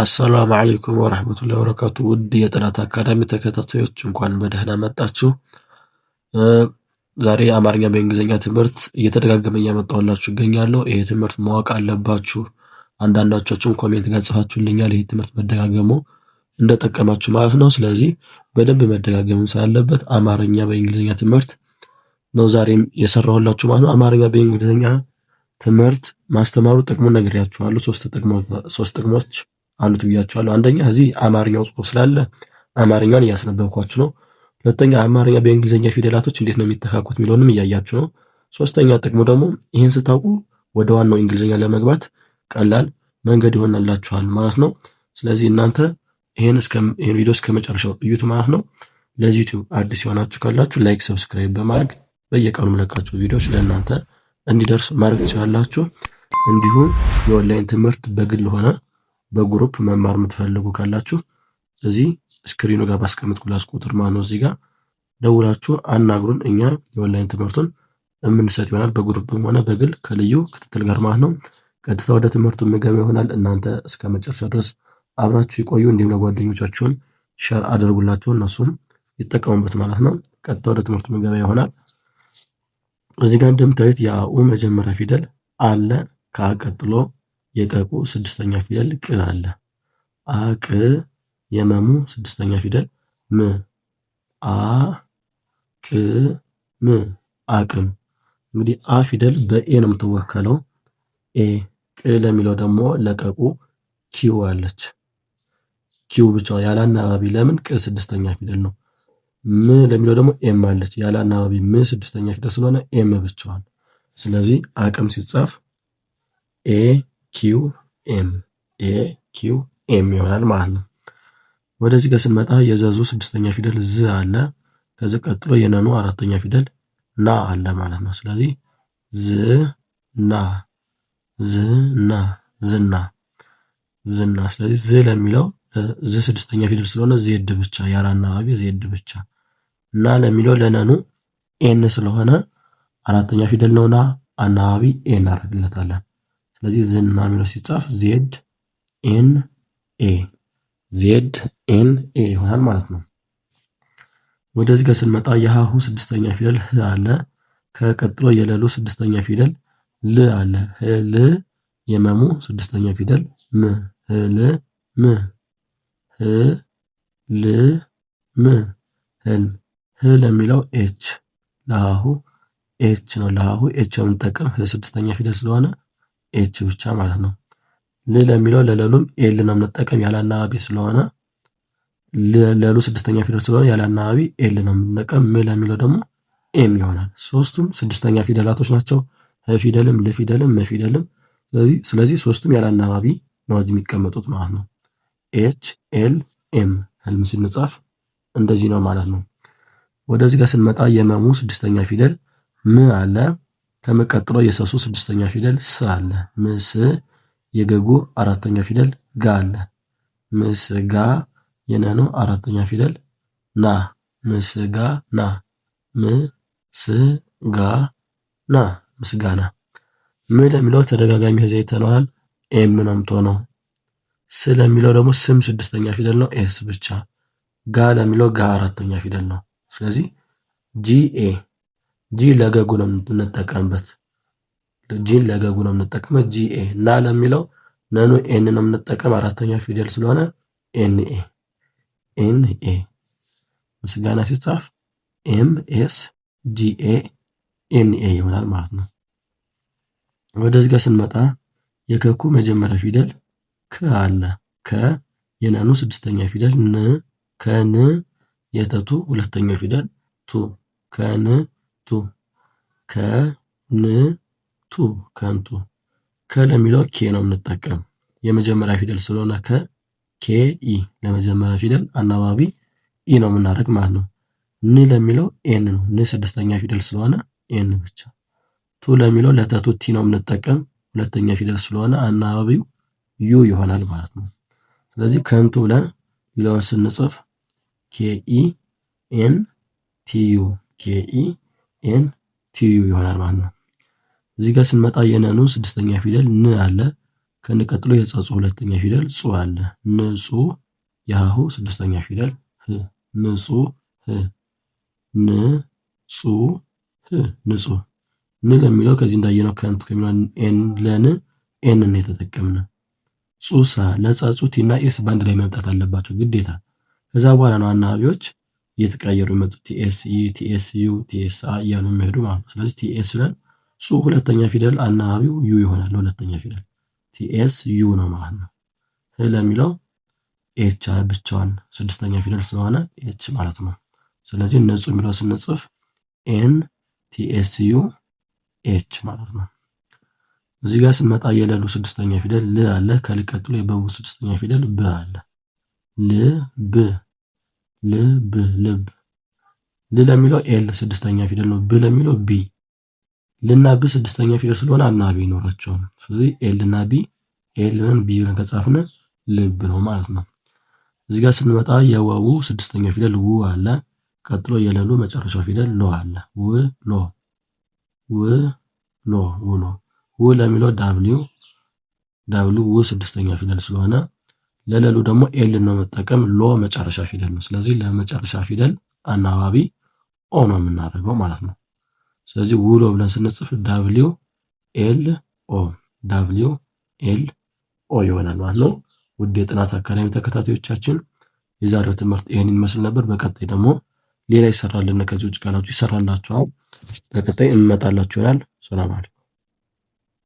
አሰላሙ አለይኩም ወረህመቱላሂ ወበረካቱ። ውድ የጥናት አካዳሚ ተከታታዮች እንኳን በደህና መጣችሁ። ዛሬ አማርኛ በእንግሊዝኛ ትምህርት እየተደጋገመ እያመጣሁላችሁ እገኛለሁ። ይሄ ትምህርት ማወቅ አለባችሁ። አንዳንዳችሁም ኮሜንት ጋር ጽፋችሁልኛል። ይሄ ትምህርት መደጋገሙ እንደጠቀማችሁ ማለት ነው። ስለዚህ በደንብ መደጋገም ስላለበት አማርኛ በእንግሊዝኛ ትምህርት ነው ዛሬም የሰራሁላችሁ ማለት ነው። አማርኛ በእንግሊዝኛ ትምህርት ማስተማሩ ጥቅሙን ነግሬያችኋለሁ። ሶስት ጥቅሞች አሉት ብያቸዋለሁ። አንደኛ እዚህ አማርኛው ጽሑፍ ስላለ አማርኛውን እያስነበብኳችሁ ነው። ሁለተኛ አማርኛ በእንግሊዝኛ ፊደላቶች እንዴት ነው የሚተካኩት የሚለውንም እያያችሁ ነው። ሶስተኛ ጥቅሙ ደግሞ ይህን ስታውቁ ወደ ዋናው እንግሊዝኛ ለመግባት ቀላል መንገድ ይሆናላችኋል ማለት ነው። ስለዚህ እናንተ ይህን ቪዲዮ እስከ መጨረሻው እዩት ማለት ነው። ለዚህ ዩቲዩብ አዲስ የሆናችሁ ካላችሁ ላይክ፣ ሰብስክራይብ በማድረግ በየቀኑ ለቃችሁ ቪዲዮዎች ለእናንተ እንዲደርስ ማድረግ ትችላላችሁ። እንዲሁም የኦንላይን ትምህርት በግል ሆነ በግሩፕ መማር የምትፈልጉ ካላችሁ እዚህ ስክሪኑ ጋር ባስቀመጥኩላችሁ ቁጥር ማኖ እዚህ ጋር ደውላችሁ አናግሩን። እኛ የኦንላይን ትምህርቱን የምንሰጥ ይሆናል በግሩፕም ሆነ በግል ከልዩ ክትትል ጋር ማለት ነው። ቀጥታ ወደ ትምህርቱ ምገባ ይሆናል። እናንተ እስከ መጨረሻ ድረስ አብራችሁ ይቆዩ። እንዲሁም ለጓደኞቻችሁን ሸር አድርጉላችሁ እነሱም ይጠቀሙበት ማለት ነው። ቀጥታ ወደ ትምህርቱ ምገባ ይሆናል። እዚህ ጋር እንደምታዩት የአኡ መጀመሪያ ፊደል አለ ከቀጥሎ የቀቁ ስድስተኛ ፊደል ቅ አለ። አቅ የመሙ ስድስተኛ ፊደል ም አ ቅ ም አቅም። እንግዲህ አ ፊደል በኤ ነው የምትወከለው። ኤ ቅ ለሚለው ደግሞ ለቀቁ ኪው አለች። ኪው ብቻ ያለ አናባቢ። ለምን ቅ ስድስተኛ ፊደል ነው። ም ለሚለው ደግሞ ኤም አለች ያለ አናባቢ። ም ስድስተኛ ፊደል ስለሆነ ኤም ብቻዋን። ስለዚህ አቅም ሲጻፍ ኤ ኪው ኤም ኤም ይሆናል ማለት ነው። ወደዚህ ጋር ስንመጣ የዘዙ ስድስተኛ ፊደል ዝ አለ። ከዚህ ቀጥሎ የነኑ አራተኛ ፊደል ና አለ ማለት ነው። ስለዚህ ዝ ና ዝ ና ዝና ዝና። ስለዚህ ዝ ለሚለው ዝ ስድስተኛ ፊደል ስለሆነ ዜድ ብቻ ያለ አናባቢ ዜድ ብቻ። ና ለሚለው ለነኑ ኤን ስለሆነ አራተኛ ፊደል ና አናባቢ ኤን አረግለታለን። ስለዚህ ዝና የሚለው ሲጻፍ ዜድ ኤን ኤ ዜድ ኤን ኤ ይሆናል ማለት ነው። ወደዚህ ጋር ስንመጣ የሃሁ ስድስተኛ ፊደል ህ አለ። ከቀጥሎ የለሉ ስድስተኛ ፊደል ል አለ። ል የመሙ ስድስተኛ ፊደል ም ል ም ህ ል ም ህልም ህል የሚለው ኤች ለሃሁ ኤች ነው። ለሃሁ ኤች የምንጠቀም ስድስተኛ ፊደል ስለሆነ ኤች ብቻ ማለት ነው። ል ለሚለው ለለሉም ኤል ነው የምንጠቀም ያለ አናባቢ ስለሆነ ለሉ ስድስተኛ ፊደል ስለሆነ ያለ አናባቢ ኤል ነው የምንጠቀም። ም ለሚለው ደግሞ ኤም ይሆናል። ሶስቱም ስድስተኛ ፊደላቶች ናቸው። ፊደልም ለፊደልም መፊደልም ስለዚህ ስለዚህ ሶስቱም ያለ አናባቢ ነው እዚህ የሚቀመጡት ማለት ነው። ኤች ኤል ኤም ህልም ስንጻፍ እንደዚህ ነው ማለት ነው። ወደዚህ ጋር ስንመጣ የመሙ ስድስተኛ ፊደል ም አለ ከመቀጥሎ የሰሱ ስድስተኛ ፊደል ስ አለ። ምስ የገጉ አራተኛ ፊደል ጋ አለ። ምስጋ የነኑ አራተኛ ፊደል ና። ጋ ና ጋ ና ምስጋና። ም ለሚለው ተደጋጋሚ ጊዜ ይተነዋል። ኤም ነምቶ ነው። ስ ለሚለው ደግሞ ስም ስድስተኛ ፊደል ነው። ኤስ ብቻ። ጋ ለሚለው ጋ አራተኛ ፊደል ነው። ስለዚህ ጂኤ ጂን ለገጉ ነው የምንጠቀምበት። ጂን ለገጉ ነው የምንጠቀምበት። ጂ ኤ እና ለሚለው ነኑ ኤን ነው የምንጠቀም አራተኛው ፊደል ስለሆነ ኤን ኤ ኤን ኤ ምስጋና ሲጻፍ ኤም ኤስ ጂ ኤ ኤን ኤ ይሆናል ማለት ነው። ወደዚህ ጋር ስንመጣ የከኩ መጀመሪያ ፊደል ከ አለ። ከ የነኑ ስድስተኛ ፊደል ን ከን የተቱ ሁለተኛው ፊደል ቱ ከን ከንቱ ከንቱ ከ ለሚለው ኬ ነው የምንጠቀም የመጀመሪያ ፊደል ስለሆነ ከ ኬ ኢ ለመጀመሪያ ፊደል አናባቢ ኢ ነው የምናደርግ ማለት ነው። ን ለሚለው ኤን ነው። ን ስድስተኛ ፊደል ስለሆነ ኤን ብቻ። ቱ ለሚለው ለተቱ ቲ ነው የምንጠቀም ሁለተኛ ፊደል ስለሆነ አናባቢው ዩ ይሆናል ማለት ነው። ስለዚህ ከንቱ ብለን ሚለውን ስንጽፍ ኬ ኢ ኤን ቲዩ ኢ ኤን ቲዩ ይሆናል ማለት ነው። እዚህ ጋር ስንመጣ የነኑ ስድስተኛ ፊደል ን አለ። ከን ቀጥሎ የጸጹ ሁለተኛ ፊደል ጹ አለ። ንጹ የሀሁ ስድስተኛ ፊደል ህ ንጹ ህ ን ህ ንጹ ን ለሚለው ከዚህ እንዳየነው ከንቱ ከሚለው ኤን ለን ኤን ነው የተጠቀምነ። ጹሳ ለጸጹቲ እና ኤስ ባንድ ላይ መምጣት አለባቸው ግዴታ። ከዛ በኋላ ነው አናባቢዎች እየተቀያየሩ የመጡ ቲኤስኢ፣ ቲኤስዩ፣ ቲኤስአ እያሉ የሚሄዱ ማለት ነው። ስለዚህ ቲኤስ ብለን ጹ ሁለተኛ ፊደል አናባቢው ዩ ይሆናል። ሁለተኛ ፊደል ቲኤስ ዩ ነው ማለት ነው። ህ ለሚለው ኤች ብቻዋን ስድስተኛ ፊደል ስለሆነ ኤች ማለት ነው። ስለዚህ ነጹ የሚለው ስንጽፍ ኤን ቲኤስዩ ኤች ማለት ነው። እዚህ ጋር ስንመጣ የለሉ ስድስተኛ ፊደል ል አለ። ከልቀጥሎ የበቡ ስድስተኛ ፊደል ብ አለ። ል ብ ልብ ልብ ል ለሚለው ኤል ስድስተኛ ፊደል ነው። ብ ለሚለው ቢ ልና ብ ስድስተኛ ፊደል ስለሆነ አናቢ ይኖራቸዋል። ስለዚህ ኤል እና ቢ ኤል ብለን ቢ ብለን ከጻፍነ ልብ ነው ማለት ነው። እዚህ ጋር ስንመጣ የወው ስድስተኛ ፊደል ው አለ። ቀጥሎ የለሉ መጨረሻው ፊደል ሎ አለ። ው ሎ ው ሎ ሎ ው ለሚለው ዳብሊው ዳብሊው ው ስድስተኛ ፊደል ስለሆነ ለለሉ ደግሞ ኤልን ነው መጠቀም ሎ መጨረሻ ፊደል ነው። ስለዚህ ለመጨረሻ ፊደል አናባቢ ኦ ነው የምናደርገው ማለት ነው። ስለዚህ ውሎ ብለን ስንጽፍ ዳብሊው ኤል ኦ ዳብሊው ኤል ኦ ይሆናል ማለት ነው። ውድ የጥናት አካዳሚ ተከታታዮቻችን የዛሬው ትምህርት ይህን ይመስል ነበር። በቀጣይ ደግሞ ሌላ ይሰራልን ከዚህ ውጭ ካላችሁ ይሰራላችኋል። በቀጣይ እንመጣላችሁ ይሆናል። ሰላም አለ